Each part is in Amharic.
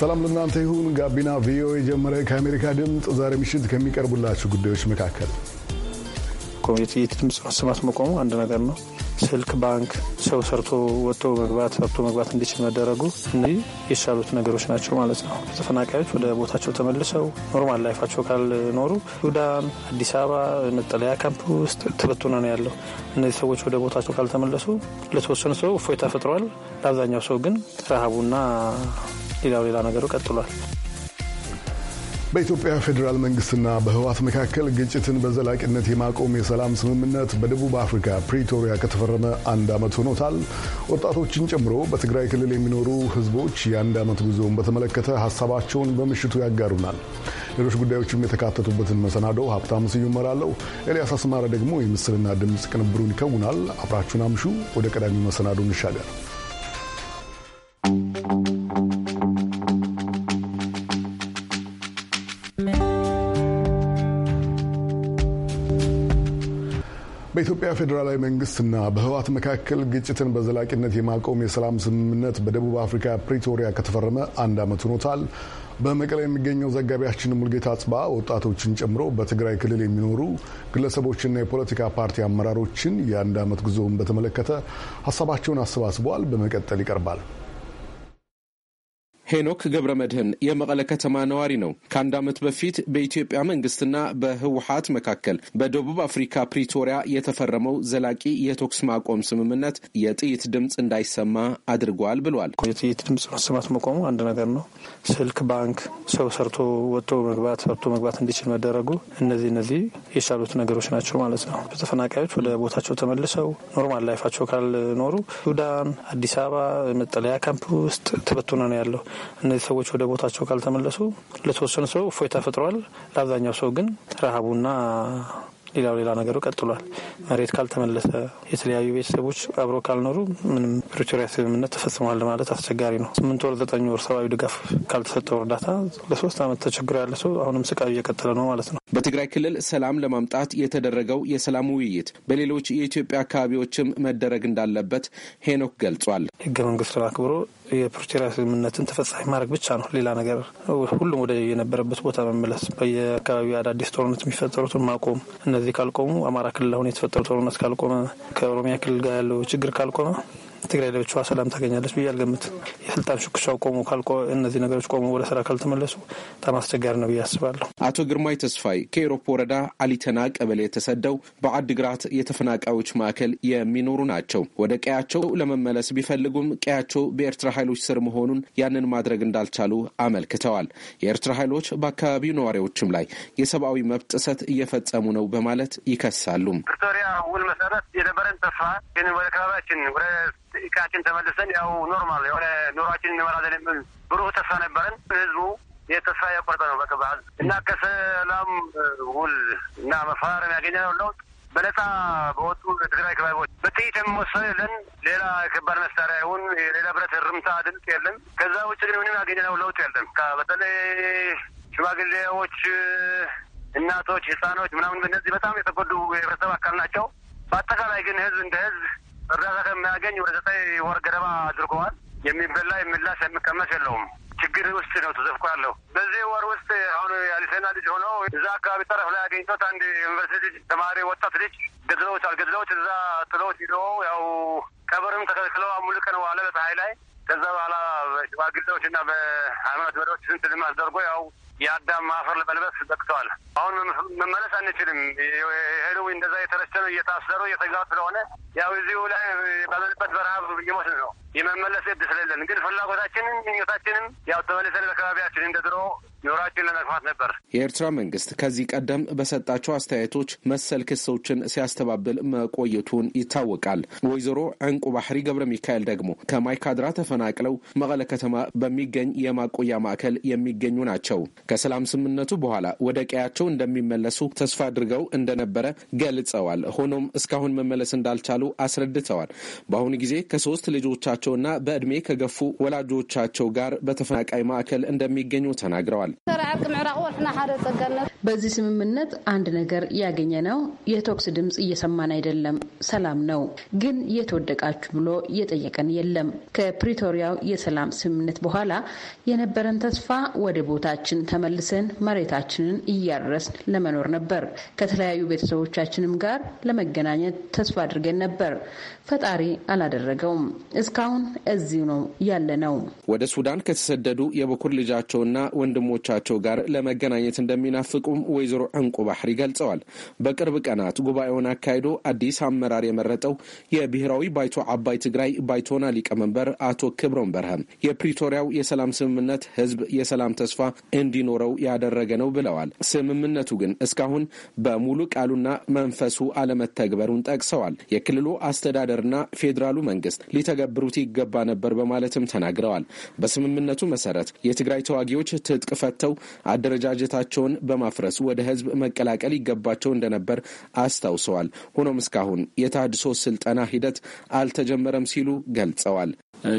ሰላም ለእናንተ ይሁን። ጋቢና ቪኦኤ ጀመረ። ከአሜሪካ ድምፅ ዛሬ ምሽት ከሚቀርቡላችሁ ጉዳዮች መካከል የድምፅ መሰማት መቆሙ አንድ ነገር ነው። ስልክ ባንክ፣ ሰው ሰርቶ ወጥቶ መግባት ሰርቶ መግባት እንዲችል መደረጉ እነዚህ የተሻሉት ነገሮች ናቸው ማለት ነው። ተፈናቃዮች ወደ ቦታቸው ተመልሰው ኖርማል ላይፋቸው ካልኖሩ ሱዳን፣ አዲስ አበባ መጠለያ ካምፕ ውስጥ ተበትኖ ነው ያለው። እነዚህ ሰዎች ወደ ቦታቸው ካልተመለሱ ለተወሰኑ ሰው እፎይታ ፈጥረዋል። ለአብዛኛው ሰው ግን ረሃቡና ሌላው ሌላ ነገሩ ቀጥሏል። በኢትዮጵያ ፌዴራል መንግስትና በህወሓት መካከል ግጭትን በዘላቂነት የማቆም የሰላም ስምምነት በደቡብ አፍሪካ ፕሪቶሪያ ከተፈረመ አንድ ዓመት ሆኖታል። ወጣቶችን ጨምሮ በትግራይ ክልል የሚኖሩ ህዝቦች የአንድ ዓመት ጉዞውን በተመለከተ ሀሳባቸውን በምሽቱ ያጋሩናል። ሌሎች ጉዳዮችም የተካተቱበትን መሰናዶው ሀብታም ስዩም እመራለሁ። ኤልያስ አስማረ ደግሞ የምስልና ድምፅ ቅንብሩን ይከውናል። አብራችሁን አምሹ። ወደ ቀዳሚው መሰናዶ እንሻገር። ፌዴራላዊ መንግስትና በህወሓት መካከል ግጭትን በዘላቂነት የማቆም የሰላም ስምምነት በደቡብ አፍሪካ ፕሪቶሪያ ከተፈረመ አንድ ዓመት ሆኖታል። በመቀለ የሚገኘው ዘጋቢያችን ሙልጌታ አጽባ ወጣቶችን ጨምሮ በትግራይ ክልል የሚኖሩ ግለሰቦችና የፖለቲካ ፓርቲ አመራሮችን የአንድ ዓመት ጉዞውን በተመለከተ ሀሳባቸውን አሰባስበዋል። በመቀጠል ይቀርባል። ሄኖክ ገብረ መድህን የመቀለ ከተማ ነዋሪ ነው። ከአንድ ዓመት በፊት በኢትዮጵያ መንግስትና በህወሀት መካከል በደቡብ አፍሪካ ፕሪቶሪያ የተፈረመው ዘላቂ የተኩስ ማቆም ስምምነት የጥይት ድምፅ እንዳይሰማ አድርጓል ብሏል። የጥይት ድምፅ መሰማት መቆሙ አንድ ነገር ነው። ስልክ፣ ባንክ፣ ሰው ሰርቶ ወጥቶ መግባት ሰርቶ መግባት እንዲችል መደረጉ እነዚህ እነዚህ የቻሉት ነገሮች ናቸው ማለት ነው። በተፈናቃዮች ወደ ቦታቸው ተመልሰው ኖርማል ላይፋቸው ካልኖሩ ሱዳን፣ አዲስ አበባ መጠለያ ካምፕ ውስጥ ተበትኖ ነው ያለው። እነዚህ ሰዎች ወደ ቦታቸው ካልተመለሱ ለተወሰኑ ሰው እፎይታ ፈጥረዋል። ለአብዛኛው ሰው ግን ረሃቡና ሌላው ሌላ ነገሩ ቀጥሏል። መሬት ካልተመለሰ የተለያዩ ቤተሰቦች አብሮ ካልኖሩ ምንም ፕሪቶሪያ ስምምነት ተፈጽሟል ማለት አስቸጋሪ ነው። ስምንት ወር ዘጠኝ ወር ሰብአዊ ድጋፍ ካልተሰጠው እርዳታ ለሶስት ዓመት ተቸግሮ ያለ ሰው አሁንም ስቃዩ እየቀጠለ ነው ማለት ነው። በትግራይ ክልል ሰላም ለማምጣት የተደረገው የሰላም ውይይት በሌሎች የኢትዮጵያ አካባቢዎችም መደረግ እንዳለበት ሄኖክ ገልጿል። ህገ መንግስትን አክብሮ የፕሪቶሪያ ስምምነትን ተፈጻሚ ማድረግ ብቻ ነው። ሌላ ነገር ሁሉም ወደ የነበረበት ቦታ መመለስ፣ በየአካባቢው አዳዲስ ጦርነት የሚፈጠሩትን ማቆም እነዚህ ካልቆሙ አማራ ክልል አሁን የተፈጠሩ ጦርነት ካልቆመ ከኦሮሚያ ክልል ጋር ያለው ችግር ካልቆመ ትግራይ ለብቻዋ ሰላም ታገኛለች ብዬ አልገምትም። የስልጣን ሽኩቻው ቆሞ ካልቆ እነዚህ ነገሮች ቆሞ ወደ ስራ ካልተመለሱ በጣም አስቸጋሪ ነው ብዬ አስባለሁ። አቶ ግርማይ ተስፋይ ከኤሮፕ ወረዳ አሊተና ቀበሌ የተሰደው በአድግራት የተፈናቃዮች ማዕከል የሚኖሩ ናቸው። ወደ ቀያቸው ለመመለስ ቢፈልጉም ቀያቸው በኤርትራ ኃይሎች ስር መሆኑን ያንን ማድረግ እንዳልቻሉ አመልክተዋል። የኤርትራ ኃይሎች በአካባቢው ነዋሪዎችም ላይ የሰብአዊ መብት ጥሰት እየፈጸሙ ነው በማለት ይከሳሉ። ፕሪቶሪያ ውል መሰረት የነበረን ተስፋ ግን ወደ ወደ እቃችን ተመልሰን ያው ኖርማል የሆነ ኑሯችን እንመራለን የሚል ብሩህ ተስፋ ነበረን። ህዝቡ የተስፋ የቆረጠ ነው በቅባል እና ከሰላም ውል እና መፈራረም ያገኘነው ለውጥ በነፃ በወጡ ትግራይ ከባቢዎች በጥይት የሚወሰን የለን። ሌላ ከባድ መሳሪያ ይሁን ሌላ ብረት ርምታ ድምፅ የለም። ከዛ ውጭ ግን ምንም ነው ለውጥ የለም። በተለይ ሽማግሌዎች፣ እናቶች፣ ህፃኖች ምናምን በነዚህ በጣም የተጎዱ የህብረተሰብ አካል ናቸው። በአጠቃላይ ግን ህዝብ እንደ ህዝብ እርዳታ ከሚያገኝ ወደ ዘጠኝ ወር ገደማ አድርገዋል። የሚበላ የሚላስ የሚቀመስ የለውም። ችግር ውስጥ ነው ተዘፍቆ ያለው። በዚህ ወር ውስጥ አሁን ያሊሴና ልጅ ሆኖ እዛ አካባቢ ጠረፍ ላይ አገኝቶት አንድ ዩኒቨርሲቲ ተማሪ ወጣት ልጅ ገድለውታል። ገድለውት እዛ ጥለውት ሂዶ ያው ቀብርም ተከልክለው ሙሉ ቀን ዋለ በፀሐይ ላይ ከዛ በኋላ በሽማግሌዎች እና በሃይማኖት መሪዎች ስንት ልማት ደርጎ ያው የአዳም አፈር ለመልበስ በቅተዋል። አሁን መመለስ አንችልም። ሄዱ እንደዛ የተረሸኑ እየታሰሩ እየተጋት ስለሆነ ያው እዚሁ ላይ ባለንበት በረሃብ እየሞት ነው። የመመለስ እድል ስለሌለን ግን ፍላጎታችንም ምኞታችንም ያው ተመልሰን በአካባቢያችን እንደ ድሮ ኑሯችን ለመግፋት ነበር። የኤርትራ መንግስት ከዚህ ቀደም በሰጣቸው አስተያየቶች መሰል ክሶችን ሲያስተባብል መቆየቱን ይታወቃል። ወይዘሮ ዕንቁ ባህሪ ገብረ ሚካኤል ደግሞ ከማይካድራ ተፈናቅለው መቀለ ከተማ በሚገኝ የማቆያ ማዕከል የሚገኙ ናቸው። ከሰላም ስምምነቱ በኋላ ወደ ቀያቸው እንደሚመለሱ ተስፋ አድርገው እንደነበረ ገልጸዋል። ሆኖም እስካሁን መመለስ እንዳልቻሉ አስረድተዋል። በአሁኑ ጊዜ ከሶስት ልጆቻቸውና በዕድሜ ከገፉ ወላጆቻቸው ጋር በተፈናቃይ ማዕከል እንደሚገኙ ተናግረዋል። ይገባል። በዚህ ስምምነት አንድ ነገር ያገኘ ነው። የተኩስ ድምፅ እየሰማን አይደለም፣ ሰላም ነው። ግን የት ወደቃችሁ ብሎ እየጠየቀን የለም። ከፕሪቶሪያው የሰላም ስምምነት በኋላ የነበረን ተስፋ ወደ ቦታችን ተመልሰን መሬታችንን እያረስን ለመኖር ነበር። ከተለያዩ ቤተሰቦቻችንም ጋር ለመገናኘት ተስፋ አድርገን ነበር። ፈጣሪ አላደረገውም። እስካሁን እዚሁ ነው ያለ ነው። ወደ ሱዳን ከተሰደዱ የበኩር ልጃቸውና ወንድሞቻቸው ጋር ለመገናኘት እንደሚናፍቁ እንደሚጠብቁም ወይዘሮ እንቁ ባህሪ ገልጸዋል። በቅርብ ቀናት ጉባኤውን አካሂዶ አዲስ አመራር የመረጠው የብሔራዊ ባይቶ አባይ ትግራይ ባይቶና ሊቀመንበር አቶ ክብሮም በርሃም የፕሪቶሪያው የሰላም ስምምነት ህዝብ የሰላም ተስፋ እንዲኖረው ያደረገ ነው ብለዋል። ስምምነቱ ግን እስካሁን በሙሉ ቃሉና መንፈሱ አለመተግበሩን ጠቅሰዋል። የክልሉ አስተዳደርና ፌዴራሉ መንግስት ሊተገብሩት ይገባ ነበር በማለትም ተናግረዋል። በስምምነቱ መሰረት የትግራይ ተዋጊዎች ትጥቅ ፈተው አደረጃጀታቸውን በማፈ በመፍረስ ወደ ህዝብ መቀላቀል ይገባቸው እንደነበር አስታውሰዋል። ሆኖም እስካሁን የታድሶ ስልጠና ሂደት አልተጀመረም ሲሉ ገልጸዋል።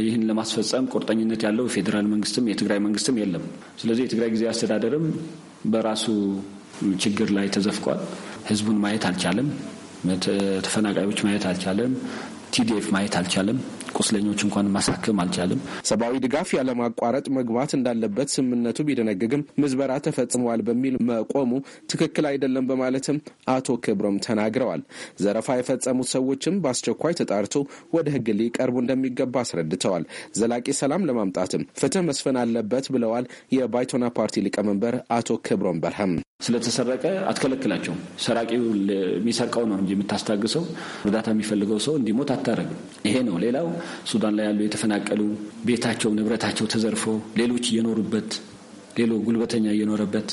ይህን ለማስፈጸም ቁርጠኝነት ያለው የፌዴራል መንግስትም የትግራይ መንግስትም የለም። ስለዚህ የትግራይ ጊዜ አስተዳደርም በራሱ ችግር ላይ ተዘፍቋል። ህዝቡን ማየት አልቻለም። ተፈናቃዮች ማየት አልቻለም። ቲዲኤፍ ማየት አልቻለም። ቁስለኞች እንኳን ማሳከም አልቻለም። ሰብአዊ ድጋፍ ያለማቋረጥ መግባት እንዳለበት ስምምነቱ ቢደነግግም ምዝበራ ተፈጽመዋል በሚል መቆሙ ትክክል አይደለም በማለትም አቶ ክብሮም ተናግረዋል። ዘረፋ የፈጸሙት ሰዎችም በአስቸኳይ ተጣርቶ ወደ ሕግ ሊቀርቡ እንደሚገባ አስረድተዋል። ዘላቂ ሰላም ለማምጣትም ፍትህ መስፈን አለበት ብለዋል። የባይቶና ፓርቲ ሊቀመንበር አቶ ክብሮም በርሃም ስለተሰረቀ አትከለክላቸውም። ሰራቂው የሚሰርቀው ነው እንጂ የምታስታግሰው እርዳታ የሚፈልገው ሰው እንዲሞት አታረግም። ይሄ ነው። ሌላው ሱዳን ላይ ያሉ የተፈናቀሉ ቤታቸው፣ ንብረታቸው ተዘርፎ ሌሎች እየኖሩበት ሌሎ ጉልበተኛ እየኖረበት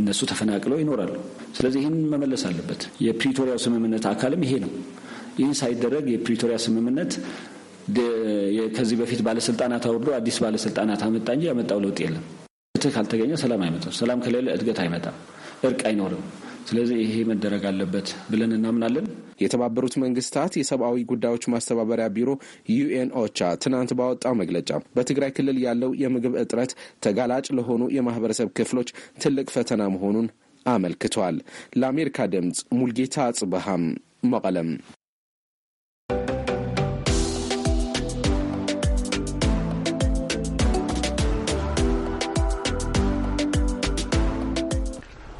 እነሱ ተፈናቅለው ይኖራሉ። ስለዚህ ይህን መመለስ አለበት። የፕሪቶሪያው ስምምነት አካልም ይሄ ነው። ይህን ሳይደረግ የፕሪቶሪያ ስምምነት ከዚህ በፊት ባለስልጣናት አውርዶ አዲስ ባለስልጣናት አመጣ እንጂ ያመጣው ለውጥ የለም። ፍትህ ካልተገኘ ሰላም አይመጣም። ሰላም ከሌለ እድገት አይመጣም። እርቅ አይኖርም። ስለዚህ ይሄ መደረግ አለበት ብለን እናምናለን። የተባበሩት መንግስታት የሰብአዊ ጉዳዮች ማስተባበሪያ ቢሮ ዩኤን ኦቻ ትናንት ባወጣው መግለጫ በትግራይ ክልል ያለው የምግብ እጥረት ተጋላጭ ለሆኑ የማህበረሰብ ክፍሎች ትልቅ ፈተና መሆኑን አመልክቷል። ለአሜሪካ ድምፅ ሙልጌታ አጽበሃም መቀለም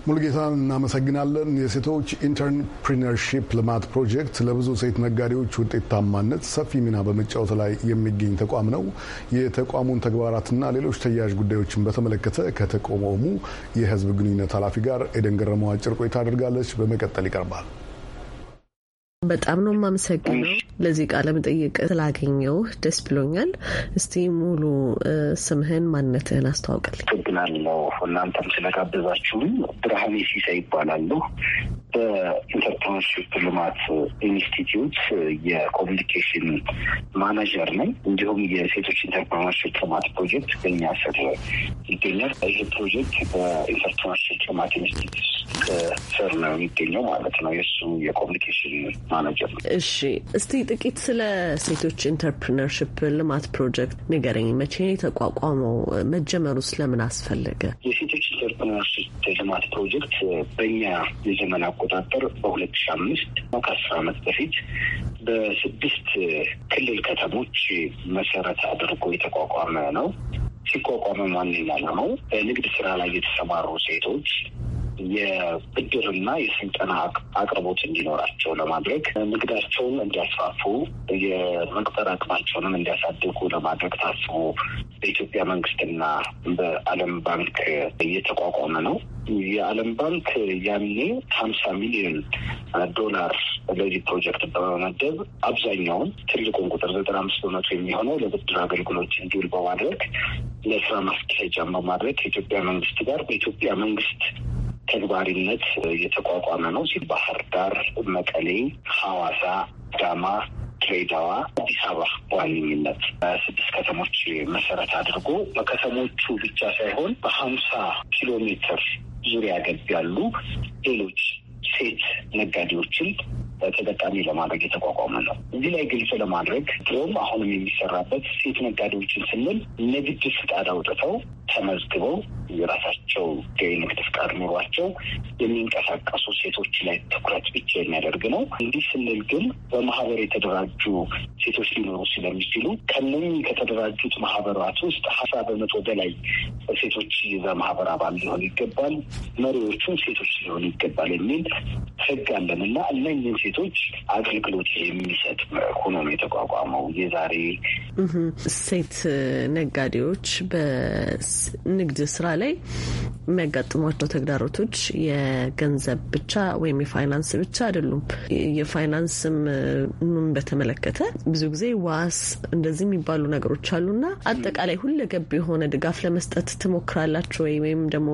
ሙሉጌታን እናመሰግናለን። የሴቶች ኢንተርፕሪነርሺፕ ልማት ፕሮጀክት ለብዙ ሴት ነጋዴዎች ውጤታማነት ሰፊ ሚና በመጫወት ላይ የሚገኝ ተቋም ነው። የተቋሙን ተግባራትና ሌሎች ተያያዥ ጉዳዮችን በተመለከተ ከተቋሙ የሕዝብ ግንኙነት ኃላፊ ጋር ኤደን ገረመው አጭር ቆይታ አድርጋለች። በመቀጠል ይቀርባል። በጣም ነው የማመሰግነው ለዚህ ቃለ መጠይቅ ስላገኘው ደስ ብሎኛል። እስቲ ሙሉ ስምህን ማንነትህን አስተዋውቅልኝ። አመሰግናለሁ። እናንተም ስለጋበዛችሁም። ብርሃኔ ሲሳይ ይባላሉ። በኢንተርፕርነርሺፕ ልማት ኢንስቲትዩት የኮሚኒኬሽን ማናጀር ነኝ። እንዲሁም የሴቶች ኢንተርፕርነርሺፕ ልማት ፕሮጀክት በኛ ስር ይገኛል። ይህ ፕሮጀክት በኢንተርፕርነርሺፕ ልማት ኢንስቲትዩት ስር ነው የሚገኘው ማለት ነው። የእሱ የኮሚኒኬሽን ማናጀር ነው። እሺ፣ እስቲ ጥቂት ስለ ሴቶች ኢንተርፕርነርሽፕ ልማት ፕሮጀክት ንገረኝ። መቼ የተቋቋመው? መጀመሩ ስለምን አስፈለገ? የሴቶች ኢንተርፕርነርሽፕ ልማት ፕሮጀክት በእኛ የዘመን አቆጣጠር በሁለት ሺ አምስት ከአስር ዓመት በፊት በስድስት ክልል ከተሞች መሰረት አድርጎ የተቋቋመ ነው። ሲቋቋመ ዋነኛ ዓላማው በንግድ ስራ ላይ የተሰማሩ ሴቶች የብድርና የስልጠና አቅርቦት እንዲኖራቸው ለማድረግ ንግዳቸውን እንዲያስፋፉ የመቅጠር አቅማቸውንም እንዲያሳድጉ ለማድረግ ታስቦ በኢትዮጵያ መንግስትና በዓለም ባንክ እየተቋቋመ ነው። የዓለም ባንክ ያኔ ሀምሳ ሚሊዮን ዶላር ለዚህ ፕሮጀክት በመመደብ አብዛኛውን ትልቁን ቁጥር ዘጠና አምስት በመቶ የሚሆነው ለብድር አገልግሎት እንዲውል በማድረግ ለስራ ማስኬጃም በማድረግ ከኢትዮጵያ መንግስት ጋር በኢትዮጵያ መንግስት ተግባሪነት እየተቋቋመ ነው ሲል ባህር ዳር፣ መቀሌ፣ ሐዋሳ፣ ዳማ፣ ድሬዳዋ፣ አዲስ አበባ በዋነኝነት ስድስት ከተሞች መሰረት አድርጎ በከተሞቹ ብቻ ሳይሆን በሀምሳ ኪሎ ሜትር ዙሪያ ገብ ያሉ ሌሎች ሴት ነጋዴዎችን ተጠቃሚ ለማድረግ የተቋቋመ ነው። እዚህ ላይ ግልጽ ለማድረግ ድሮም አሁንም የሚሰራበት ሴት ነጋዴዎችን ስንል ንግድ ፍቃድ አውጥተው ተመዝግበው የራሳቸው የንግድ ፍቃድ ኑሯቸው የሚንቀሳቀሱ ሴቶች ላይ ትኩረት ብቻ የሚያደርግ ነው። እንዲህ ስንል ግን በማህበር የተደራጁ ሴቶች ሊኖሩ ስለሚችሉ ከነኝ ከተደራጁት ማህበራት ውስጥ ሀሳ በመቶ በላይ ሴቶች በማህበር አባል ሊሆን ይገባል፣ መሪዎቹም ሴቶች ሊሆን ይገባል የሚል ህግ አለን እና እነኝህን ሴቶች አገልግሎት የሚሰጥ ሆኖ ነው የተቋቋመው። የዛሬ ሴት ነጋዴዎች በንግድ ስራ ላይ የሚያጋጥሟቸው ተግዳሮቶች የገንዘብ ብቻ ወይም የፋይናንስ ብቻ አይደሉም። የፋይናንስም ኑን በተመለከተ ብዙ ጊዜ ዋስ እንደዚህ የሚባሉ ነገሮች አሉና አጠቃላይ ሁለገብ የሆነ ድጋፍ ለመስጠት ትሞክራላችሁ ወይ? ወይም ደግሞ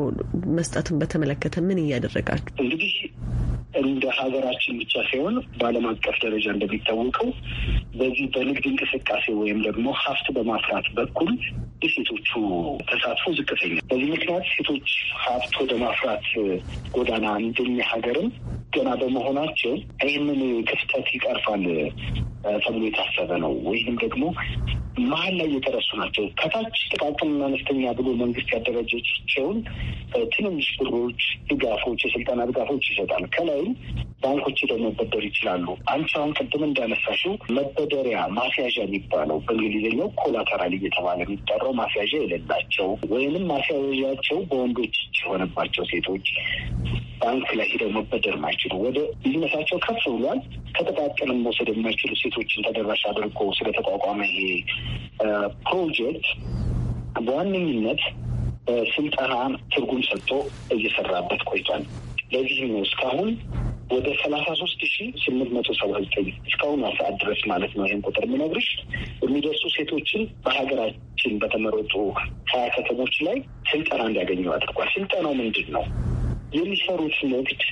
መስጠቱን በተመለከተ ምን እያደረጋችሁ እንግዲህ እንደ ሀገራችን ብቻ ሳይሆን በዓለም አቀፍ ደረጃ እንደሚታወቀው በዚህ በንግድ እንቅስቃሴ ወይም ደግሞ ሀብት በማፍራት በኩል የሴቶቹ ተሳትፎ ዝቅተኛ። በዚህ ምክንያት ሴቶች ሀብት ወደ ማፍራት ጎዳና እንድን ሀገርም ገና በመሆናቸው ይህንን ክፍተት ይቀርፋል ተብሎ የታሰበ ነው ወይም ደግሞ መሀል ላይ የተረሱ ናቸው። ከታች ጥቃቅንና አነስተኛ ብሎ መንግስት ያደረጃቸውን ትንንሽ ብሮች፣ ድጋፎች፣ የስልጠና ድጋፎች ይሰጣል። ከላይም ባንኮች ደግሞ መበደር ይችላሉ። አንቺ አሁን ቅድም እንዳነሳሽው መበደሪያ ማስያዣ የሚባለው በእንግሊዝኛው ኮላተራል እየተባለ የሚጠራው ማስያዣ የሌላቸው ወይንም ማስያዣቸው በወንዶች የሆነባቸው ሴቶች ባንክ ላይ ሄደው መበደር ማይችሉ ወደ ቢዝነሳቸው ከፍ ብሏል። ከጥቃቅንም መውሰድ የማይችሉ ሴቶችን ተደራሽ አድርጎ ስለተቋቋመ ይሄ ፕሮጀክት በዋነኝነት ስልጠና ትርጉም ሰጥቶ እየሰራበት ቆይቷል። ለዚህም ነው እስካሁን ወደ ሰላሳ ሶስት ሺ ስምንት መቶ ሰባ ዘጠኝ እስካሁን ሰዓት ድረስ ማለት ነው ይህን ቁጥር የምነግርሽ የሚደርሱ ሴቶችን በሀገራችን በተመረጡ ሀያ ከተሞች ላይ ስልጠና እንዲያገኙ አድርጓል። ስልጠናው ምንድን ነው? የሚሰሩት ንግድ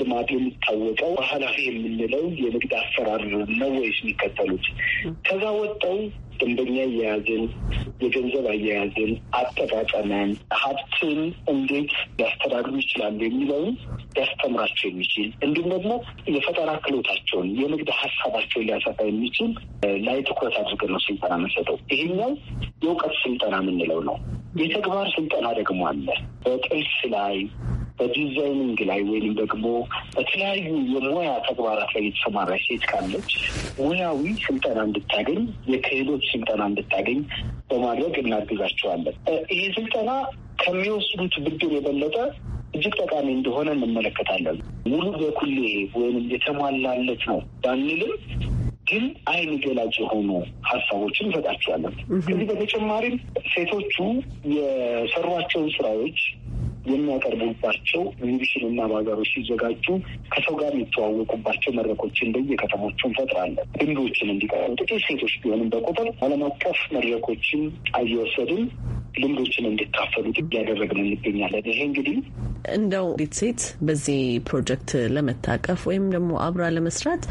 ልማት የሚታወቀው ባህላዊ የምንለው የንግድ አሰራር ነው ወይስ የሚከተሉት? ከዛ ወጠው ደንበኛ አያያዝን፣ የገንዘብ አያያዝን፣ አጠቃቀምን፣ ሀብትን እንዴት ሊያስተዳድሩ ይችላሉ የሚለውን ሊያስተምራቸው የሚችል እንዲሁም ደግሞ የፈጠራ ክሎታቸውን የንግድ ሀሳባቸውን ሊያሰፋ የሚችል ላይ ትኩረት አድርገን ነው ስልጠና የምንሰጠው። ይሄኛው የእውቀት ስልጠና የምንለው ነው። የተግባር ስልጠና ደግሞ አለ። በጥልስ ላይ በዲዛይኒንግ ላይ ወይም ደግሞ በተለያዩ የሙያ ተግባራት ላይ የተሰማራ ሴት ካለች ሙያዊ ስልጠና እንድታገኝ፣ የክህሎት ስልጠና እንድታገኝ በማድረግ እናግዛቸዋለን። ይህ ስልጠና ከሚወስዱት ብድር የበለጠ እጅግ ጠቃሚ እንደሆነ እንመለከታለን። ሙሉ በኩሌ ወይም የተሟላለት ነው ባንልም ግን አይን ገላጭ የሆኑ ሀሳቦችን እንሰጣቸዋለን። ከዚህ በተጨማሪም ሴቶቹ የሰሯቸውን ስራዎች የሚያቀርቡባቸው እና ባዛሮች ሲዘጋጁ ከሰው ጋር የሚተዋወቁባቸው መድረኮች እንደየከተሞቹ እንፈጥራለን። ልምዶችን እንዲቀሩ ጥቂት ሴቶች ቢሆንም በቁጥር ዓለም አቀፍ መድረኮችን እየወሰድን ልምዶችን እንዲካፈሉ እያደረግን እንገኛለን። ይሄ እንግዲህ እንደው እንዴት ሴት በዚህ ፕሮጀክት ለመታቀፍ ወይም ደግሞ አብራ ለመስራት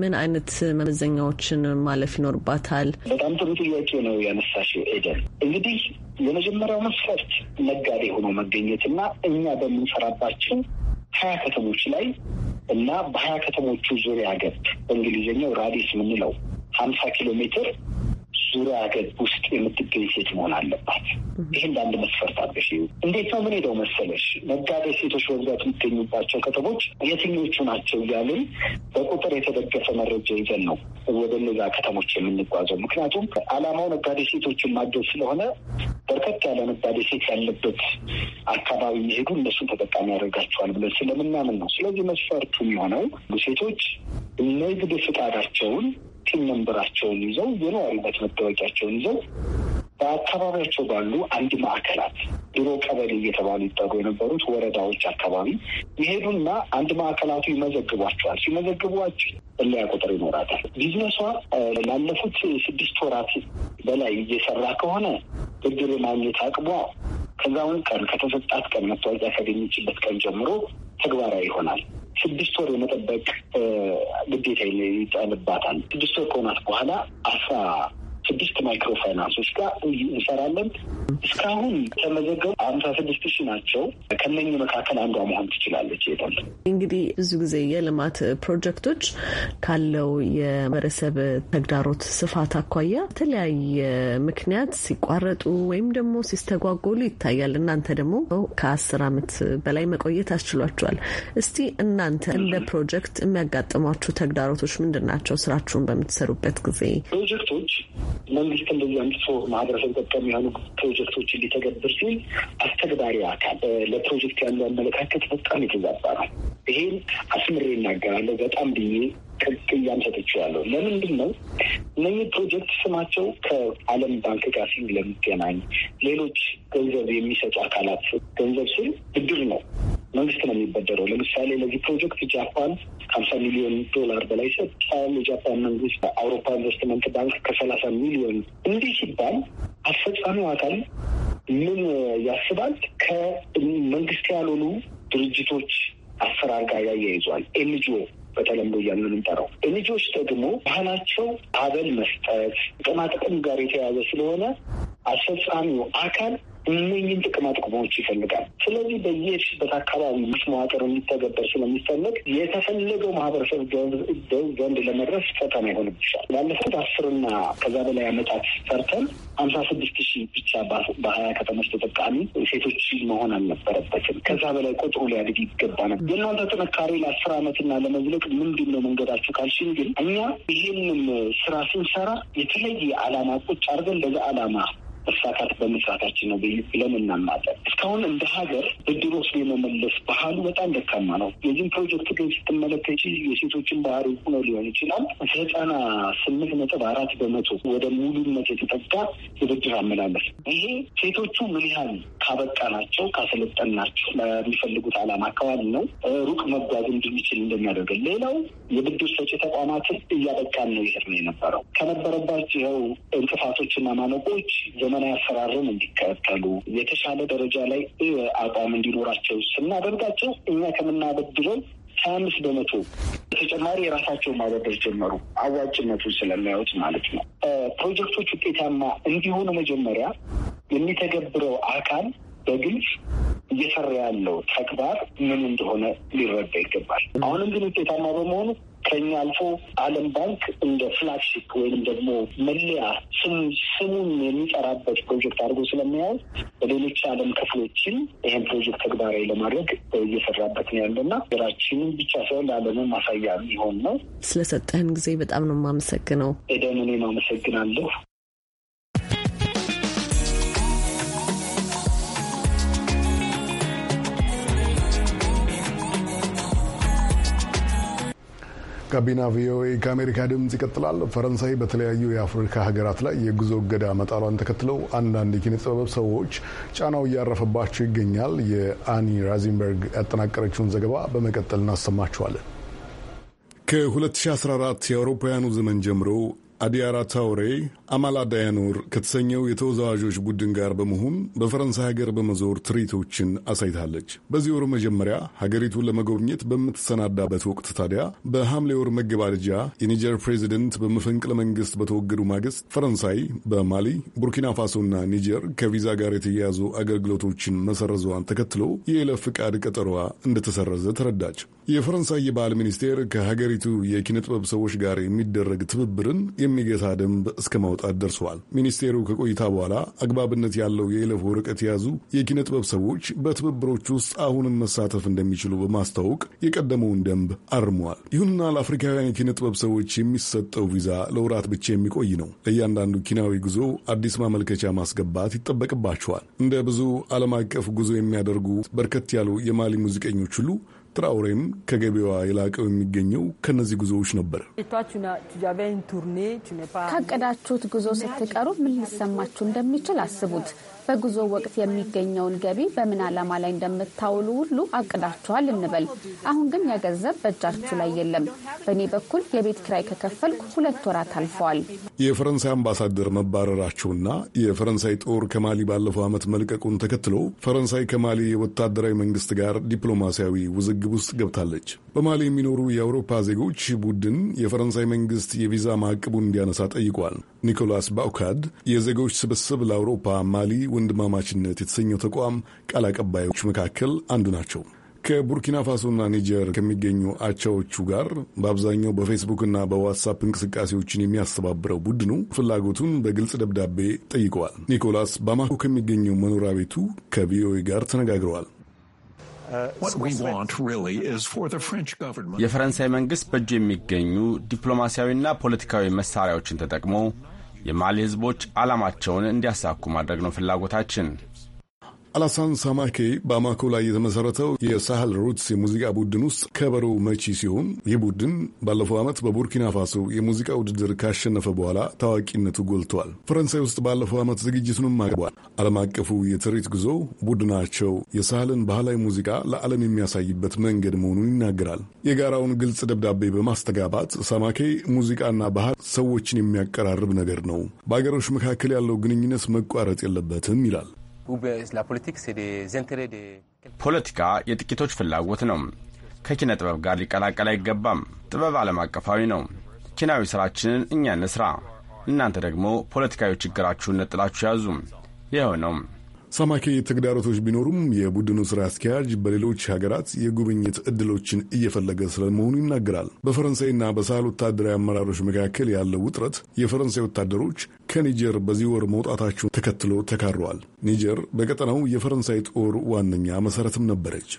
ምን አይነት መመዘኛዎችን ማለፍ ይኖርባታል? በጣም ጥሩ ጥያቄ ነው ያነሳሽው ኤደን። እንግዲህ የመጀመሪያው መስፈርት ነጋዴ ሆኖ መገኘት እና እኛ በምንሰራባቸው ሀያ ከተሞች ላይ እና በሀያ ከተሞቹ ዙሪያ ገብ በእንግሊዝኛው ራዲስ የምንለው ሀምሳ ኪሎ ሜትር ዙሪያ ገጽ ውስጥ የምትገኝ ሴት መሆን አለባት። ይህ እንደ መስፈርት አለሽ። እንዴት ነው ምን ሄደው መሰለሽ ነጋዴ ሴቶች በብዛት የሚገኙባቸው ከተሞች የትኞቹ ናቸው እያልን በቁጥር የተደገፈ መረጃ ይዘን ነው ወደ እነዛ ከተሞች የምንጓዘው። ምክንያቱም አላማው ነጋዴ ሴቶችን ማገዝ ስለሆነ በርከት ያለ ነጋዴ ሴት ያለበት አካባቢ የሚሄዱ እነሱን ተጠቃሚ ያደርጋቸዋል ብለን ስለምናምን ነው። ስለዚህ መስፈርቱ የሚሆነው ሴቶች ንግድ ፍቃዳቸውን ቲም መንበራቸውን ይዘው የነዋሪነት መታወቂያቸውን ይዘው በአካባቢያቸው ባሉ አንድ ማዕከላት ድሮ ቀበሌ እየተባሉ ይጠሩ የነበሩት ወረዳዎች አካባቢ ይሄዱና አንድ ማዕከላቱ ይመዘግቧቸዋል። ሲመዘግቧቸው እለያ ቁጥር ይኖራታል። ቢዝነሷ ላለፉት ስድስት ወራት በላይ እየሰራ ከሆነ ብድር የማግኘት አቅሟ ከዛውን ቀን ከተሰጣት ቀን መታወቂያ ካገኘችበት ቀን ጀምሮ ተግባራዊ ይሆናል። ስድስት ወር የመጠበቅ ግዴታ ይጣልባታል። ስድስት ወር ከሆናት በኋላ አስራ ስድስት ማይክሮ ፋይናንሶች ጋር እንሰራለን። እስካሁን ተመዘገቡ አምሳ ስድስት ሺህ ናቸው። ከነኝ መካከል አንዷ መሆን ትችላለች። ይሄዳል እንግዲህ ብዙ ጊዜ የልማት ፕሮጀክቶች ካለው የማህበረሰብ ተግዳሮት ስፋት አኳያ የተለያየ ምክንያት ሲቋረጡ ወይም ደግሞ ሲስተጓጎሉ ይታያል። እናንተ ደግሞ ከአስር ዓመት በላይ መቆየት አስችሏቸዋል። እስቲ እናንተ እንደ ፕሮጀክት የሚያጋጥሟችሁ ተግዳሮቶች ምንድን ናቸው? ስራችሁን በምትሰሩበት ጊዜ ፕሮጀክቶች መንግስት እንደዚህ አምጥቶ ማህበረሰብ ጠቀም የሆኑ ፕሮጀክቶች እንዲተገብር ሲል አስተግባሪ አካል ለፕሮጀክት ያለው አመለካከት በጣም የተዛባ ነው። ይሄን አስምሬ እናገራለሁ። በጣም ብዬ ቅያም ሰጥቼዋለሁ። ለምንድን ነው እነዚህ ፕሮጀክት ስማቸው ከዓለም ባንክ ጋር ለሚገናኝ ሌሎች ገንዘብ የሚሰጡ አካላት ገንዘብ ስል ብድር ነው፣ መንግስት ነው የሚበደረው። ለምሳሌ ለዚህ ፕሮጀክት ጃፓን ከሀምሳ ሚሊዮን ዶላር በላይ ሰጥቷል። የጃፓን መንግስት አውሮፓ ኢንቨስትመንት ባንክ ከሰላሳ ሚሊዮን እንዲህ ሲባል አስፈጻሚው አካል ምን ያስባል? ከመንግስት ያልሆኑ ድርጅቶች አሰራር ጋር ያያይዟል። ኤንጂኦ በተለምዶ እያልን የምንጠራው። ልጆች ደግሞ ባህላቸው አበል መስጠት፣ ጥቅማጥቅም ጋር የተያያዘ ስለሆነ አስፈጻሚው አካል እነኝን ጥቅማ ጥቅሞች ይፈልጋል። ስለዚህ በየሄድሽበት አካባቢ ይህ መዋቅር እንዲተገበር ስለሚፈለግ የተፈለገው ማህበረሰብ ዘንድ ለመድረስ ፈተና ይሆንብሻል። ላለፉት አስርና ከዛ በላይ ዓመታት ሰርተን ሀምሳ ስድስት ሺህ ብቻ በሀያ ከተሞች ተጠቃሚ ሴቶች መሆን አልነበረበትም። ከዛ በላይ ቁጥሩ ሊያድግ ይገባ ነበር። የእናንተ ጥንካሬ ለአስር ዓመትና ለመዝለቅ ምንድን ነው መንገዳችሁ ካልሽን ግን እኛ ይህንም ስራ ስንሰራ የተለየ ዓላማ ቁጭ አድርገን ለዛ ዓላማ መሳካት በመስራታችን ነው ብለን እናምናለን። እስካሁን እንደ ሀገር ብድር ወስዶ የመመለስ ባህሉ በጣም ደካማ ነው። የዚህም ፕሮጀክት ግን ስትመለከች የሴቶችን ባህሪ ሆኖ ሊሆን ይችላል ዘጠና ስምንት ነጥብ አራት በመቶ ወደ ሙሉነት የተጠጋ የብድር አመላለስ ይሄ ሴቶቹ ምን ያህል ካበቃናቸው ካሰለጠናቸው ለሚፈልጉት ዓላማ አካባቢ ነው ሩቅ መጓዝ እንድንችል እንደሚያደርገን። ሌላው የብድር ሰጪ ተቋማትን እያበቃን ነው ይሄድ ነው የነበረው ከነበረባቸው እንቅፋቶችና ማነቆች ዘመ ዘመናዊ አሰራርን እንዲከተሉ የተሻለ ደረጃ ላይ አቋም እንዲኖራቸው ስናደርጋቸው እኛ ከምናበድረው ሀያ አምስት በመቶ በተጨማሪ የራሳቸው ማበደር ጀመሩ። አዋጭነቱ ስለሚያዩት ማለት ነው። ፕሮጀክቶች ውጤታማ እንዲሆኑ መጀመሪያ የሚተገብረው አካል በግልጽ እየሰራ ያለው ተግባር ምን እንደሆነ ሊረዳ ይገባል። አሁንም ግን ውጤታማ በመሆኑ ከኛ አልፎ ዓለም ባንክ እንደ ፍላግሺፕ ወይም ደግሞ መለያ ስሙን የሚጠራበት ፕሮጀክት አድርጎ ስለሚያዝ በሌሎች ዓለም ክፍሎችን ይህን ፕሮጀክት ተግባራዊ ለማድረግ እየሰራበት ነው ያለና ሀገራችንን ብቻ ሳይሆን ለዓለምን ማሳያ የሚሆን ነው። ስለሰጠህን ጊዜ በጣም ነው የማመሰግነው። ኤደን፣ እኔ አመሰግናለሁ። ጋቢና ቪኦኤ ከአሜሪካ ድምፅ ይቀጥላል። ፈረንሳይ በተለያዩ የአፍሪካ ሀገራት ላይ የጉዞ እገዳ መጣሏን ተከትለው አንዳንድ የኪነ ጥበብ ሰዎች ጫናው እያረፈባቸው ይገኛል። የአኒ ራዚንበርግ ያጠናቀረችውን ዘገባ በመቀጠል እናሰማችኋለን። ከ2014 የአውሮፓውያኑ ዘመን ጀምሮ አዲያራ ታውሬ አማላ ዳያኖር ከተሰኘው የተወዛዋዦች ቡድን ጋር በመሆን በፈረንሳይ ሀገር በመዞር ትርኢቶችን አሳይታለች። በዚህ ወር መጀመሪያ ሀገሪቱን ለመጎብኘት በምትሰናዳበት ወቅት ታዲያ በሐምሌ ወር መገባደጃ የኒጀር ፕሬዚደንት በመፈንቅለ መንግስት በተወገዱ ማግስት ፈረንሳይ በማሊ ቡርኪና ፋሶና ኒጀር ከቪዛ ጋር የተያያዙ አገልግሎቶችን መሰረዟን ተከትሎ የይለፍ ፍቃድ ቀጠሯ እንደተሰረዘ ተረዳች። የፈረንሳይ የባህል ሚኒስቴር ከሀገሪቱ የኪነጥበብ ሰዎች ጋር የሚደረግ ትብብርን የሚገታ ደንብ እስከ ማውጣት ደርሰዋል። ሚኒስቴሩ ከቆይታ በኋላ አግባብነት ያለው የይለፍ ወረቀት የያዙ የኪነ ጥበብ ሰዎች በትብብሮች ውስጥ አሁንም መሳተፍ እንደሚችሉ በማስታወቅ የቀደመውን ደንብ አርመዋል። ይሁንና ለአፍሪካውያን የኪነ ጥበብ ሰዎች የሚሰጠው ቪዛ ለውራት ብቻ የሚቆይ ነው። ለእያንዳንዱ ኪናዊ ጉዞ አዲስ ማመልከቻ ማስገባት ይጠበቅባቸዋል። እንደ ብዙ ዓለም አቀፍ ጉዞ የሚያደርጉ በርከት ያሉ የማሊ ሙዚቀኞች ሁሉ ትራውሬም ከገቢዋ የላቀው የሚገኘው ከነዚህ ጉዞዎች ነበር። ካቀዳችሁት ጉዞ ስትቀሩ ምን ሊሰማችሁ እንደሚችል አስቡት። በጉዞ ወቅት የሚገኘውን ገቢ በምን ዓላማ ላይ እንደምታውሉ ሁሉ አቅዳችኋል እንበል። አሁን ግን ያገዘብ በእጃችሁ ላይ የለም። በእኔ በኩል የቤት ኪራይ ከከፈልኩ ሁለት ወራት አልፈዋል። የፈረንሳይ አምባሳደር መባረራቸውና የፈረንሳይ ጦር ከማሊ ባለፈው ዓመት መልቀቁን ተከትሎ ፈረንሳይ ከማሊ የወታደራዊ መንግስት ጋር ዲፕሎማሲያዊ ውዝግብ ውስጥ ገብታለች። በማሊ የሚኖሩ የአውሮፓ ዜጎች ቡድን የፈረንሳይ መንግስት የቪዛ ማዕቅቡን እንዲያነሳ ጠይቋል። ኒኮላስ ባውካድ የዜጎች ስብስብ ለአውሮፓ ማሊ ወንድማማችነት የተሰኘው ተቋም ቃል አቀባዮች መካከል አንዱ ናቸው። ከቡርኪና ፋሶና ኒጀር ከሚገኙ አቻዎቹ ጋር በአብዛኛው በፌስቡክና በዋትሳፕ እንቅስቃሴዎችን የሚያስተባብረው ቡድኑ ፍላጎቱን በግልጽ ደብዳቤ ጠይቀዋል። ኒኮላስ ባማኮ ከሚገኘው መኖሪያ ቤቱ ከቪኦኤ ጋር ተነጋግረዋል። የፈረንሳይ መንግስት በእጁ የሚገኙ ዲፕሎማሲያዊና ፖለቲካዊ መሳሪያዎችን ተጠቅሞ የማሊ ህዝቦች ዓላማቸውን እንዲያሳኩ ማድረግ ነው ፍላጎታችን። አላሳን ሳማኬ በአማኮ ላይ የተመሠረተው የሳህል ሩትስ የሙዚቃ ቡድን ውስጥ ከበሮ መቺ ሲሆን ይህ ቡድን ባለፈው ዓመት በቡርኪና ፋሶ የሙዚቃ ውድድር ካሸነፈ በኋላ ታዋቂነቱ ጎልቷል። ፈረንሳይ ውስጥ ባለፈው ዓመት ዝግጅቱንም አቅቧል። ዓለም አቀፉ የትርኢት ጉዞ ቡድናቸው የሳህልን ባህላዊ ሙዚቃ ለዓለም የሚያሳይበት መንገድ መሆኑን ይናገራል። የጋራውን ግልጽ ደብዳቤ በማስተጋባት ሳማኬ ሙዚቃና ባህል ሰዎችን የሚያቀራርብ ነገር ነው፣ በአገሮች መካከል ያለው ግንኙነት መቋረጥ የለበትም ይላል። ፖለቲካ የጥቂቶች ፍላጎት ነው። ከኪነ ጥበብ ጋር ሊቀላቀል አይገባም። ጥበብ ዓለም አቀፋዊ ነው። ኪናዊ ሥራችንን እኛ እንስራ፣ እናንተ ደግሞ ፖለቲካዊ ችግራችሁን ነጥላችሁ ያዙ። ይኸው ነው። ሳማኬ ተግዳሮቶች ቢኖሩም የቡድኑ ስራ አስኪያጅ በሌሎች ሀገራት የጉብኝት እድሎችን እየፈለገ ስለመሆኑ ይናገራል። በፈረንሳይና በሳህል ወታደራዊ አመራሮች መካከል ያለው ውጥረት የፈረንሳይ ወታደሮች ከኒጀር በዚህ ወር መውጣታቸውን ተከትሎ ተካረዋል። ኒጀር በቀጠናው የፈረንሳይ ጦር ዋነኛ መሰረትም ነበረች።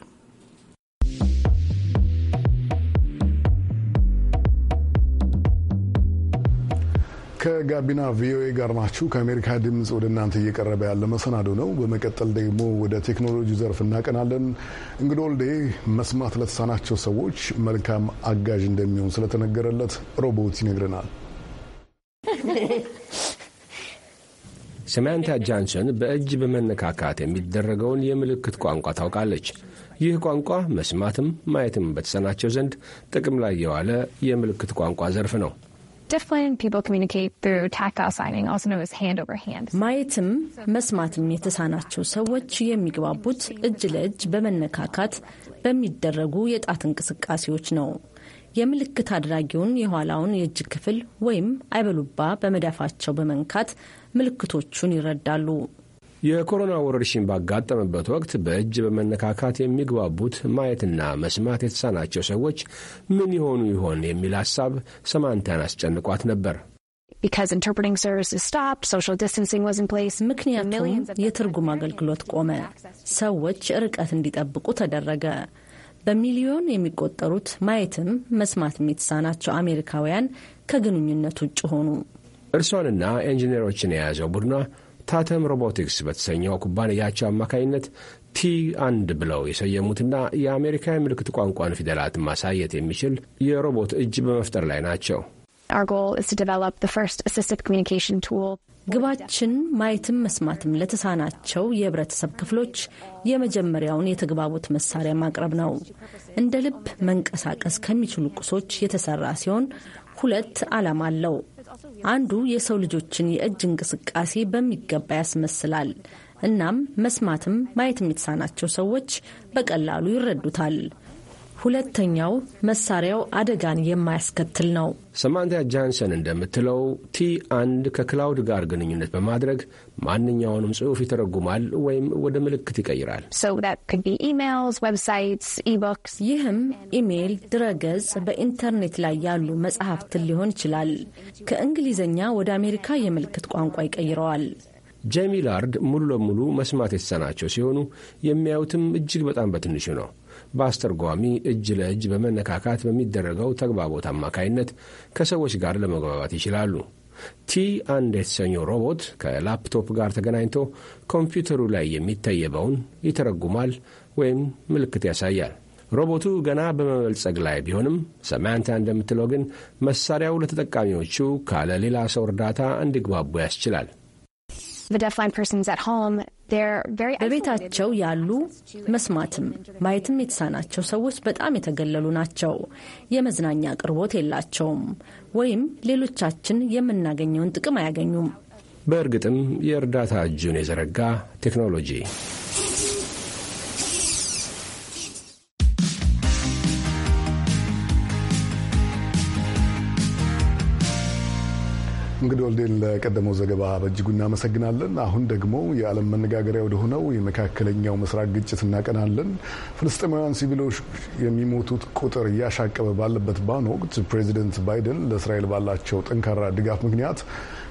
ከጋቢና ቪኦኤ ጋር ናችሁ። ከአሜሪካ ድምፅ ወደ እናንተ እየቀረበ ያለ መሰናዶ ነው። በመቀጠል ደግሞ ወደ ቴክኖሎጂ ዘርፍ እናቀናለን። እንግዶ ወልዴ መስማት ለተሳናቸው ሰዎች መልካም አጋዥ እንደሚሆን ስለተነገረለት ሮቦት ይነግረናል። ሰማንታ ጃንሰን በእጅ በመነካካት የሚደረገውን የምልክት ቋንቋ ታውቃለች። ይህ ቋንቋ መስማትም ማየትም በተሰናቸው ዘንድ ጥቅም ላይ የዋለ የምልክት ቋንቋ ዘርፍ ነው። ማየትም መስማትም የተሳናቸው ሰዎች የሚግባቡት እጅ ለእጅ በመነካካት በሚደረጉ የጣት እንቅስቃሴዎች ነው። የምልክት አድራጊውን የኋላውን የእጅ ክፍል ወይም አይበሉባ በመዳፋቸው በመንካት ምልክቶቹን ይረዳሉ። የኮሮና ወረርሽኝ ባጋጠመበት ወቅት በእጅ በመነካካት የሚግባቡት ማየትና መስማት የተሳናቸው ሰዎች ምን ይሆኑ ይሆን የሚል ሀሳብ ሰማንታን አስጨንቋት ነበር። ምክንያቱም የትርጉም አገልግሎት ቆመ፣ ሰዎች ርቀት እንዲጠብቁ ተደረገ። በሚሊዮን የሚቆጠሩት ማየትም መስማትም የተሳናቸው አሜሪካውያን ከግንኙነት ውጭ ሆኑ። እርሷንና ኢንጂነሮችን የያዘው ቡድኗ ታተም ሮቦቲክስ በተሰኘው ኩባንያቸው አማካኝነት ቲ አንድ ብለው የሰየሙትና የአሜሪካ የምልክት ቋንቋን ፊደላት ማሳየት የሚችል የሮቦት እጅ በመፍጠር ላይ ናቸው። ግባችን ማየትም መስማትም ለተሳናቸው የህብረተሰብ ክፍሎች የመጀመሪያውን የተግባቦት መሳሪያ ማቅረብ ነው። እንደ ልብ መንቀሳቀስ ከሚችሉ ቁሶች የተሰራ ሲሆን ሁለት ዓላማ አለው። አንዱ የሰው ልጆችን የእጅ እንቅስቃሴ በሚገባ ያስመስላል። እናም መስማትም ማየትም የተሳናቸው ሰዎች በቀላሉ ይረዱታል። ሁለተኛው መሳሪያው አደጋን የማያስከትል ነው። ሰማንታ ጃንሰን እንደምትለው ቲ አንድ ከክላውድ ጋር ግንኙነት በማድረግ ማንኛውንም ጽሑፍ ይተረጉማል ወይም ወደ ምልክት ይቀይራል። ይህም ኢሜይል፣ ድረገጽ፣ በኢንተርኔት ላይ ያሉ መጽሐፍትን ሊሆን ይችላል። ከእንግሊዝኛ ወደ አሜሪካ የምልክት ቋንቋ ይቀይረዋል። ጄሚ ላርድ ሙሉ ለሙሉ መስማት የተሳናቸው ሲሆኑ የሚያዩትም እጅግ በጣም በትንሹ ነው። በአስተርጓሚ እጅ ለእጅ በመነካካት በሚደረገው ተግባቦት አማካይነት ከሰዎች ጋር ለመግባባት ይችላሉ። ቲ አንድ የተሰኘው ሮቦት ከላፕቶፕ ጋር ተገናኝቶ ኮምፒውተሩ ላይ የሚታየበውን ይተረጉማል ወይም ምልክት ያሳያል። ሮቦቱ ገና በመበልጸግ ላይ ቢሆንም ሰማያንታ እንደምትለው ግን መሳሪያው ለተጠቃሚዎቹ ካለ ሌላ ሰው እርዳታ እንዲግባቡ ያስችላል። በቤታቸው ያሉ መስማትም ማየትም የተሳናቸው ሰዎች በጣም የተገለሉ ናቸው። የመዝናኛ አቅርቦት የላቸውም፣ ወይም ሌሎቻችን የምናገኘውን ጥቅም አያገኙም። በእርግጥም የእርዳታ እጁን የዘረጋ ቴክኖሎጂ እንግዲህ ወልዴን ለቀደመው ዘገባ በእጅጉ እናመሰግናለን። አሁን ደግሞ የዓለም መነጋገሪያ ሆነው የመካከለኛው ምስራቅ ግጭት እናቀናለን። ፍልስጤማውያን ሲቪሎች የሚሞቱት ቁጥር እያሻቀበ ባለበት በአሁኑ ወቅት ፕሬዚደንት ባይደን ለእስራኤል ባላቸው ጠንካራ ድጋፍ ምክንያት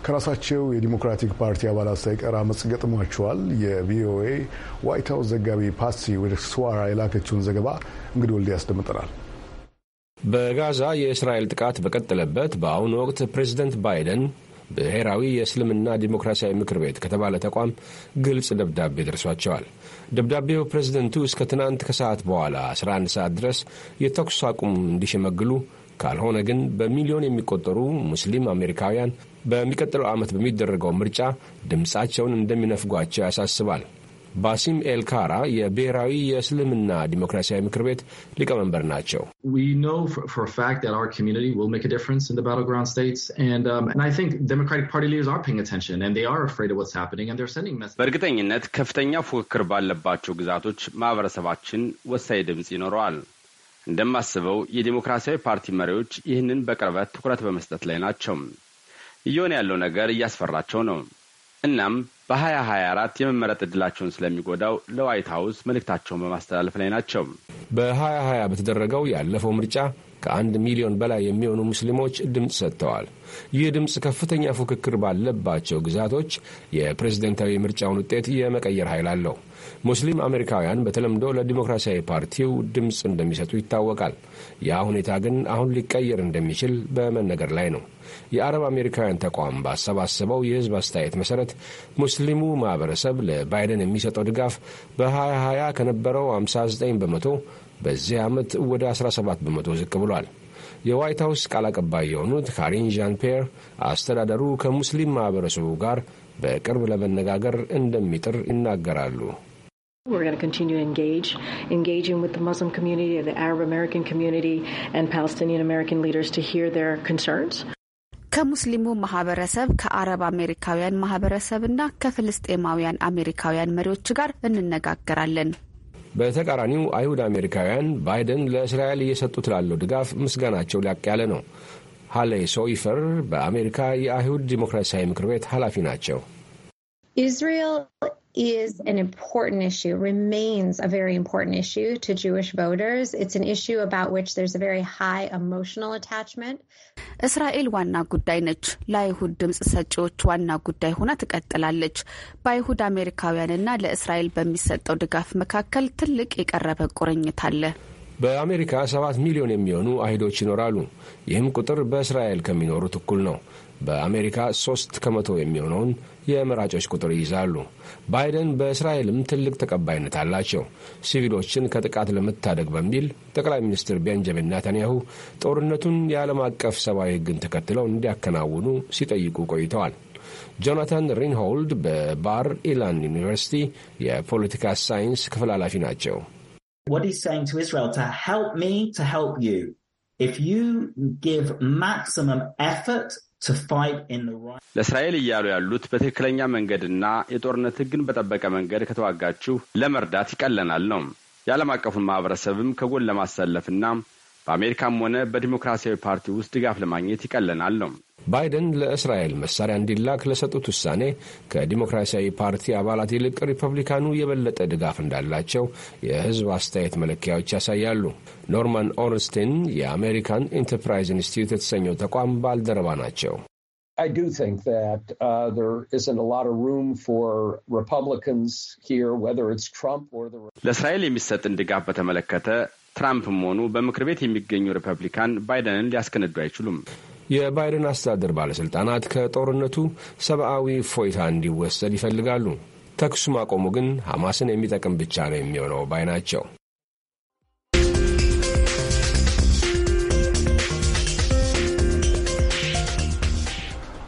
ከራሳቸው የዲሞክራቲክ ፓርቲ አባላት ሳይቀር አመጽ ገጥሟቸዋል። የቪኦኤ ዋይት ሀውስ ዘጋቢ ፓሲ ወደ ስዋራ የላከችውን ዘገባ እንግዲህ ወልዴ ያስደምጠናል። በጋዛ የእስራኤል ጥቃት በቀጠለበት በአሁኑ ወቅት ፕሬዚደንት ባይደን ብሔራዊ የእስልምና ዲሞክራሲያዊ ምክር ቤት ከተባለ ተቋም ግልጽ ደብዳቤ ደርሷቸዋል። ደብዳቤው ፕሬዝደንቱ እስከ ትናንት ከሰዓት በኋላ 11 ሰዓት ድረስ የተኩስ አቁም እንዲሸመግሉ ካልሆነ ግን በሚሊዮን የሚቆጠሩ ሙስሊም አሜሪካውያን በሚቀጥለው ዓመት በሚደረገው ምርጫ ድምፃቸውን እንደሚነፍጓቸው ያሳስባል። ባሲም ኤልካራ የብሔራዊ የእስልምና ዲሞክራሲያዊ ምክር ቤት ሊቀመንበር ናቸው። um, በእርግጠኝነት ከፍተኛ ፉክክር ባለባቸው ግዛቶች ማህበረሰባችን ወሳኝ ድምፅ ይኖረዋል። እንደማስበው የዲሞክራሲያዊ ፓርቲ መሪዎች ይህንን በቅርበት ትኩረት በመስጠት ላይ ናቸው። እየሆነ ያለው ነገር እያስፈራቸው ነው። እናም በ2024 የመመረጥ እድላቸውን ስለሚጎዳው ለዋይት ሀውስ መልእክታቸውን በማስተላለፍ ላይ ናቸው። በ2020 በተደረገው ያለፈው ምርጫ ከአንድ ሚሊዮን በላይ የሚሆኑ ሙስሊሞች ድምፅ ሰጥተዋል። ይህ ድምፅ ከፍተኛ ፉክክር ባለባቸው ግዛቶች የፕሬዝደንታዊ ምርጫውን ውጤት የመቀየር ኃይል አለው። ሙስሊም አሜሪካውያን በተለምዶ ለዲሞክራሲያዊ ፓርቲው ድምፅ እንደሚሰጡ ይታወቃል። ያ ሁኔታ ግን አሁን ሊቀየር እንደሚችል በመነገር ላይ ነው። የአረብ አሜሪካውያን ተቋም ባሰባሰበው የሕዝብ አስተያየት መሠረት ሙስሊሙ ማህበረሰብ ለባይደን የሚሰጠው ድጋፍ በ2020 ከነበረው 59 በመቶ በዚህ ዓመት ወደ 17 በመቶ ዝቅ ብሏል። የዋይት ሀውስ ቃል አቀባይ የሆኑት ካሪን ዣን ፒየር አስተዳደሩ ከሙስሊም ማህበረሰቡ ጋር በቅርብ ለመነጋገር እንደሚጥር ይናገራሉ። ከሙስሊሙ ማህበረሰብ ከአረብ አሜሪካውያን ማህበረሰብና ከፍልስጤማውያን አሜሪካውያን መሪዎች ጋር እንነጋገራለን። በተቃራኒው አይሁድ አሜሪካውያን ባይደን ለእስራኤል እየሰጡት ላለው ድጋፍ ምስጋናቸው ላቅ ያለ ነው። ሃሌ ሶይፈር በአሜሪካ የአይሁድ ዲሞክራሲያዊ ምክር ቤት ኃላፊ ናቸው። is an important issue, remains a very important issue to Jewish voters. It's an issue about which there's a very high emotional attachment. እስራኤል ዋና ጉዳይ ነች። ለአይሁድ ድምፅ ሰጪዎች ዋና ጉዳይ ሆና ትቀጥላለች። በአይሁድ አሜሪካውያንና ለእስራኤል በሚሰጠው ድጋፍ መካከል ትልቅ የቀረበ ቁርኝት አለ። በአሜሪካ ሰባት ሚሊዮን የሚሆኑ አይሁዶች ይኖራሉ። ይህም ቁጥር በእስራኤል ከሚኖሩት እኩል ነው። በአሜሪካ ሶስት ከመቶ የሚሆነውን የመራጮች ቁጥር ይይዛሉ። ባይደን በእስራኤልም ትልቅ ተቀባይነት አላቸው። ሲቪሎችን ከጥቃት ለመታደግ በሚል ጠቅላይ ሚኒስትር ቤንጃሚን ናታንያሁ ጦርነቱን የዓለም አቀፍ ሰብአዊ ሕግን ተከትለው እንዲያከናውኑ ሲጠይቁ ቆይተዋል። ጆናታን ሪንሆልድ በባር ኢላን ዩኒቨርሲቲ የፖለቲካ ሳይንስ ክፍል ኃላፊ ናቸው። ለእስራኤል እያሉ ያሉት በትክክለኛ መንገድና የጦርነት ሕግን በጠበቀ መንገድ ከተዋጋችሁ ለመርዳት ይቀለናል ነው። የዓለም አቀፉን ማህበረሰብም ከጎን ለማሰለፍና በአሜሪካም ሆነ በዲሞክራሲያዊ ፓርቲ ውስጥ ድጋፍ ለማግኘት ይቀለናል ነው። ባይደን ለእስራኤል መሳሪያ እንዲላክ ለሰጡት ውሳኔ ከዲሞክራሲያዊ ፓርቲ አባላት ይልቅ ሪፐብሊካኑ የበለጠ ድጋፍ እንዳላቸው የሕዝብ አስተያየት መለኪያዎች ያሳያሉ። ኖርማን ኦርስቲን የአሜሪካን ኢንተርፕራይዝ ኢንስቲትዩት የተሰኘው ተቋም ባልደረባ ናቸው። ለእስራኤል የሚሰጥን ድጋፍ በተመለከተ ትራምፕም ሆኑ በምክር ቤት የሚገኙ ሪፐብሊካን ባይደንን ሊያስገነዱ አይችሉም። የባይደን አስተዳደር ባለሥልጣናት ከጦርነቱ ሰብአዊ እፎይታ እንዲወሰድ ይፈልጋሉ። ተኩሱ ማቆሙ ግን ሐማስን የሚጠቅም ብቻ ነው የሚሆነው ባይ ናቸው።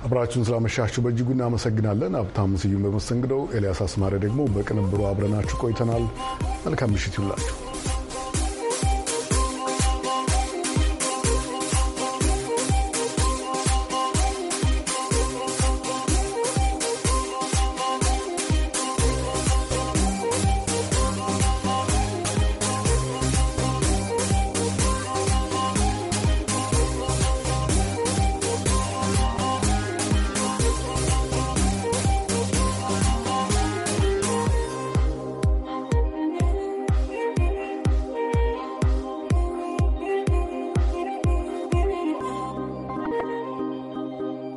አብራችሁን ስላመሻችሁ በእጅጉ እናመሰግናለን። ሀብታሙ ስዩም በመስተንግዶው፣ ኤልያስ አስማሪ ደግሞ በቅንብሩ አብረናችሁ ቆይተናል። መልካም ምሽት ይውላችሁ።